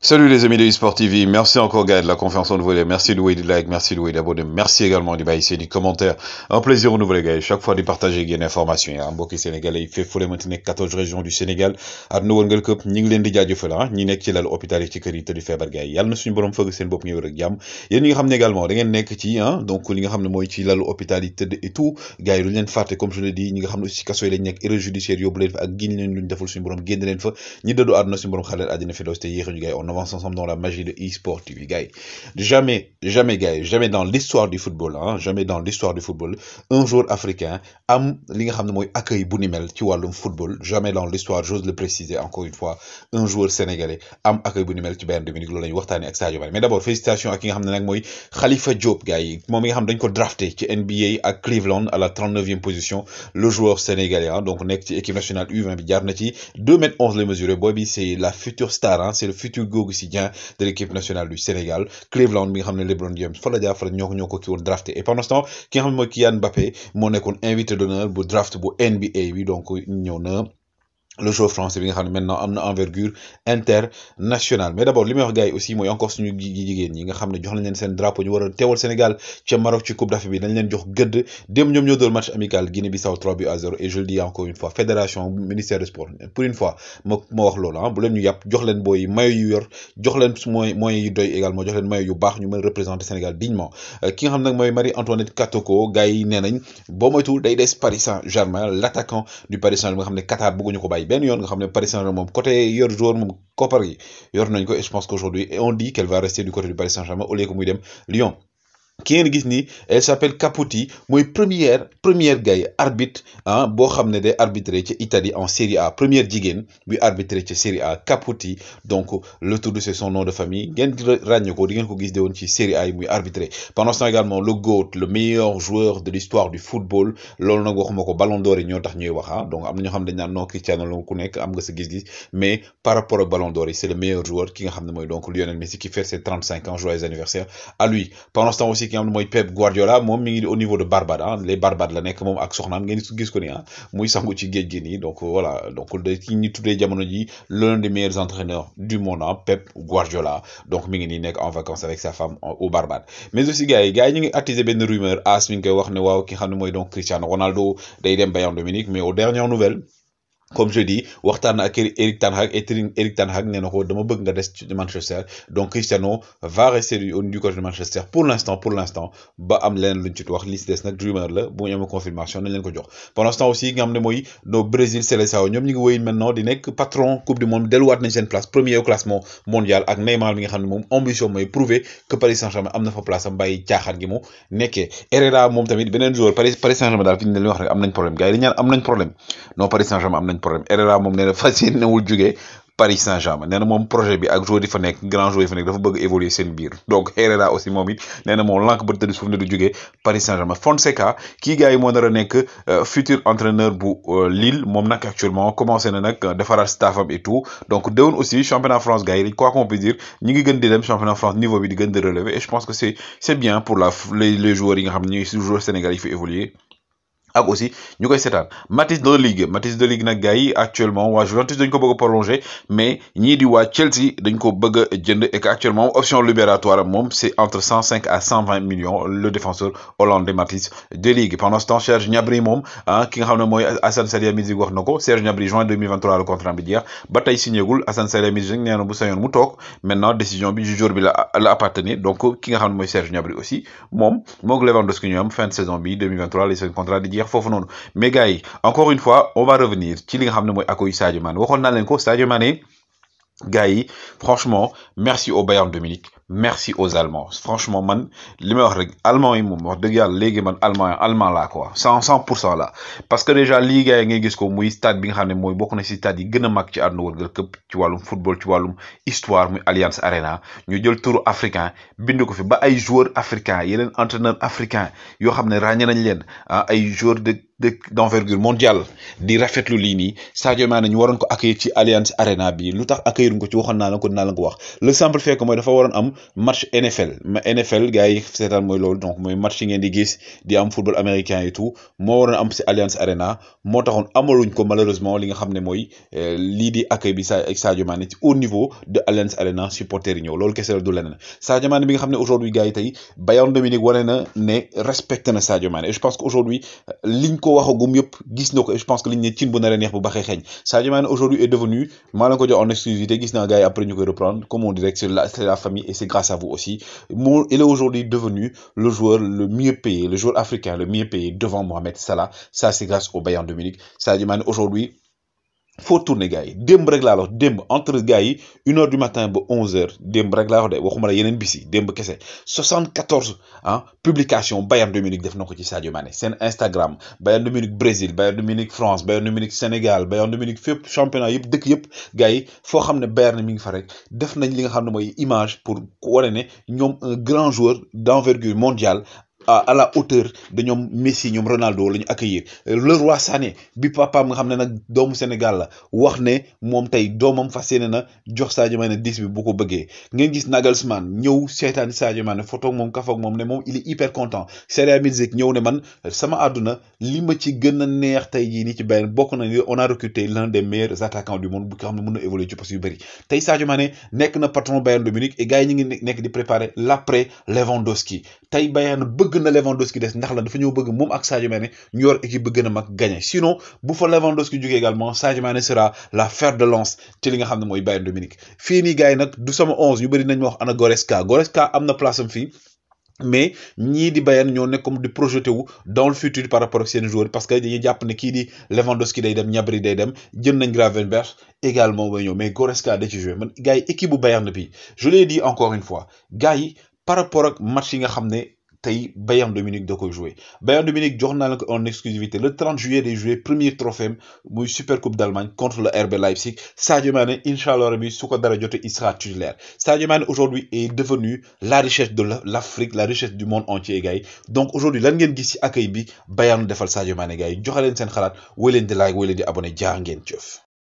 Salut les amis de eSport TV, merci encore Gaël de la conférence en vous, les. merci de louer du like, merci de louer d'abonner, merci également du bail, du commentaire, un plaisir au nouvel gars, chaque fois de partager une information, un bokeh sénégalais, il fait folle maintenant 14 régions du Sénégal, à nous on gueule ni l'un des gars du fela, ni n'est qu'il a l'hôpital et qu'il de fait bad gars, yal ne suis bonhomme fog, c'est une bonne nouvelle gamme, y'a n'y ramène également, rien n'est que ti, hein, ah, donc n'y ramène moi qui l'hôpital et tout, gars, il n'y a pas comme je le dis, n'y ramène aussi qu'à soit les n'y a erreur judiciaire, y'a blé, à guin l'une d'un fou, c'est une bonne gamme, n'y de do adnos, c'est une bonne khaled, à d'une fédosté, y'a on avance ensemble dans la magie de e-sport TV, Jamais, jamais, jamais dans l'histoire du football, hein, jamais dans l'histoire du football, un joueur africain am li nga accueil football jamais dans l'histoire j'ose le préciser encore une fois un joueur sénégalais am accueil bu ni Munich mais d'abord félicitations à nga Khalifa Diop qui a été drafté NBA à Cleveland à la 39e position le joueur sénégalais hein, donc équipe nationale U20 2 m 11 les mesures la future star hein, c'est le futur Hugo Gossidien de l'équipe nationale du Sénégal Cleveland mi nga xam ne LeBron James fa la jaafara ñoo ko ñoo ki woon drafté et pendant ce ki nga xam ne mooy Kylian Mbappé moo nekkoon invité d'honneur bu draft bu NBA bi donc ñëw na le joueur français bi nga xam maintenant amna envergure internationale mais d'abord limay wax gay aussi moy encore suñu jigéen yi nga xam jox nañ len sen drapeau ñu wara a Sénégal ci Maroc ci coupe d'Afrique bi dañ leen jox gëdd dem ñom ñoo doon match amical Guinée Bissau 3 buts à 0 et je le dis encore une fois fédération ministère des sports pour une fois ma ma wax loolu hein bu leen ñu yap jox leen booy mayo yu yor jox leen moy moy yu doy également jox leen mayo yu bax ñu mën représenter Sénégal dignement euh, ki nga xam nag mooy Marie Antoinette Katoko gay yi nee nañ boo day des Paris Saint-Germain l'attaquant du Paris Saint-Germain nga xam ne Qatar bëgguñu ko bay benn yoon nga xam ne Paris Saint-Germain moom côté yor joueur moom koppar gi yor nañ ko et je pense qu'aujourd'hui on dit qu'elle va rester du côté du Paris Saint-Germain au lieu que muy dem Lyon qui est gis elle s'appelle Caputi mooy première première gay arbitre hein, ah, a xam arbitrer arbitré Italie en Serie A première jigéen buy arbitré en Serie A Caputi donc le tour de c'est son nom de famille gën ràññee ko di ko gis de won ci Série A muy arbitré pendant ce temps également le GOAT le meilleur joueur de l'histoire du football le nag waxuma ko Ballon d'Or yi ñoo tax ñuy wax ah. donc am ñu dañ nan non Cristiano ku am nga gis mais par rapport au Ballon d'Or c'est le meilleur joueur qui nga xamné moy donc Lionel Messi qui fête ses 35 ans joyeux anniversaire à lui pendant ce temps aussi ki nga xam Pep Guardiola moi mi au niveau de Barbade ah, les Barbades la nek mom ak soxnam ngeen guiss ko ni hein ah, moy sangu ci géej ni donc voilà donc ki ñu tuddee jamono ji l'un des meilleurs entraîneurs du monde ah, Pep Guardiola donc mi ngi en vacances avec sa femme au Barbade mais aussi gars yi gars yi ñu ngi attiser benn rumeur as mi ngi koy wax ne waaw ki nga moy donc Cristiano Ronaldo day dem Bayern Dominique mais aux dernières nouvelles comme je dis waxtaan ak Eric Ten Hag et Eric Ten Hag nee ko dama bëgg nga dess ci Manchester donc Cristiano va rester du niveau côté de Manchester pour l'instant. pour l'instant, ba am leneen luñ ci wax li ci des Dreamer. rumeur la bu ñu amee confirmation nañ leen ko jox pendant ce temps aussi nga am né moy no Brésil Seleção ñom ñu ngi wéy maintenant di nekk patron coupe du monde delluwaat nañ seen place premier au classement mondial ak Neymar bi nga xam ne ambition moy prouver que Paris Saint-Germain am fa place am bàyyi tiaxat gi mu nekkee Herrera mom tamit benen joueur Paris Paris Saint-Germain daal fi ñu leen wax rek am nañ problème gars yi dañ ñaan am nañ problème non Paris Saint-Germain am nañ beneen problème Herrera mom néna na fas yéene wul Paris Saint-Germain Néna mom projet bi ak joueur yi fa grand joueur yi fa nekk dafa bëgg évoluer sen biir donc Herrera aussi moom it nee na moom lànk ba tëdd suuf du jugé Paris Saint-Germain Fonseca ki gars mo dara nek euh, futur entraîneur bu euh, Lille mom nak actuellement commencé na nag defaraat staffam et tout donc déwén aussi championnat France gars yi quoi qu'on peut dire ñi ngi gën di dem championnat France niveau bi di gën de relever et je pense que c'est c'est bien pour la les les joueurs yi nga xamni ñi joueurs sénégalais yi fi évoluer aussi ñu koy année Matisse de Ligue Matisse de Ligue nak gars actuellement wa Juventus dañ ko bëgg prolonger mais ñi di wa Chelsea dañ ko bëgg jënd et actuellement option libératoire mom c'est entre 105 à 120 millions le défenseur hollandais Matisse de Ligue pendant ce temps Serge Gnabry mom ah ki nga xamne moy Serge Gnabry juin 2023, le contrat bi jeex ba signé goul Assane Salihamidzic nee na bu mu maintenant décision bi jour bi la appartenir donc ki nga xamne Serge Gnabry aussi mom Lewandowski fin de saison bi 2023 les contrat dire fofu mais gars encore une fois on va revenir ci li nga xam moy mooy Sadio Mané waxon nañ len ko Sadio Mané gars franchement merci au Bayern Dominique merci aux allemands franchement man li may wax rek allemand yi moom wax man allemand allemand là quoi 100% là parce que déjà lii gars yi ngay gis ko muy stade bi nga xam ne mooy bokk na si stade yi gën a mag ci àdduna wërgal këpp ci wàllum football ci wàllum histoire muy Allianz Arena ñu jël tour africain bind ko fi ba ay joueurs africains yeneen entraîneurs africains yoo xam ne ràññee nañ leen ah ay joueurs de de d'envergure mondiale di rafetlu li ni Sadio Mané ñu waron ko accueillir ci Allianz Arena bi lutax tax accueillir ko ci waxon na la ko na la ko wax le simple fait que moy dafa waron am match NFL NFL gars yi seetaan mooy donc moy match ngeen di gis di am football américain et tout mo waroon am ci Alliance Arena mo taxone amaluñ ko malheureusement li nga xamné ne euh, li di accueil bi sa Sadio Mané ci au niveau de Alliance Arena supporter yi ñëw loolu kese du leneen Sadio Mané bi nga xamné aujourd'hui gars yi tay Bayern Dominique wane na ne respecté na Sadio Mané et je pense qu'aujourd'hui liñ ko waxagum yëpp gis nako et je pense que liñ ne cin bu na a neex bu baxee xeeñ Sadio Mané aujourd'hui est devenu malen ko jox en exclusivité gis na gars yi après ñu koy reprendre comme on direct sur la famille et grâce à vous aussi. il est aujourd'hui devenu le joueur le mieux payé, le joueur africain le mieux payé devant Mohamed Salah. Ça, c'est grâce au Bayern de Munich. Sadiman aujourd'hui, faut tourner gars yi rek la wax entre gars yi une heure du matin ba 11h, démb rek la wax de waxuma la yeneen bis yi démb kese soixante hein, publication Bayern Dominique Munich def nako ci Sadio Mané sen Instagram Bayern Dominique Munich Brésil Bayern Dominique Munich France Bayern Dominique Munich Sénégal Bayern Dominique, Munich championnat yep dëkk yep gars fo xamné Bayern mi ngi fa rek def nañ li nga image pour woné né ñom un grand joueur d'envergure mondiale à la hauteur de ñom Messi ñom Ronaldo les accueillir le roi Sané bi papa nga Sénégal wax ne mom tay domam na jox Sadio Mané bi bu photo il est hyper content man sama aduna. li ci neex Bayern on a recruté l'un des meilleurs attaquants du monde bu ko monde évoluer ci patron Bayern Dominique et ngi préparer l'après Lewandowski tay Bayern na Lewandowski des ndax la dafa ñëw bëgg moom ak Sadio Mané ñu yor équipe bi gën mag gagner sinon bu fa Lewandowski jógee également Sadio Mané sera la fer de lance ci li nga xam moy Bayern Dominique fini nii gars du sama 11 ñu bari nañ ma wax ana Goreska Goreska amna place am fi mais ñi di Bayern ñoo nekkum comme di projeté wu dans le futur par rapport ak seen joueur parce que dañuy japp ne kii di Lewandowski day dem Ñabri day dem jël nañ Gravenberch également way ñëw mais Goreska da ci joué man gars équipe bu Bayern bi je l'ai dit encore une fois gars yi par rapport ak match yi nga xam ne Tay Bayern de Munich jouer Bayern de Munich en exclusivité le 30 juillet les jouer premier trophée muy super coupe d'Allemagne contre le RB Leipzig Sadio Mané Inch'Allah, allah souko dara il Sadio Mané aujourd'hui est devenu la richesse de l'Afrique, la richesse du monde entier gars donc aujourd'hui lan ngeen gis ci accueil bi Bayern defal Sadio Mané gars yi sen xalat, seen di like woy di abonné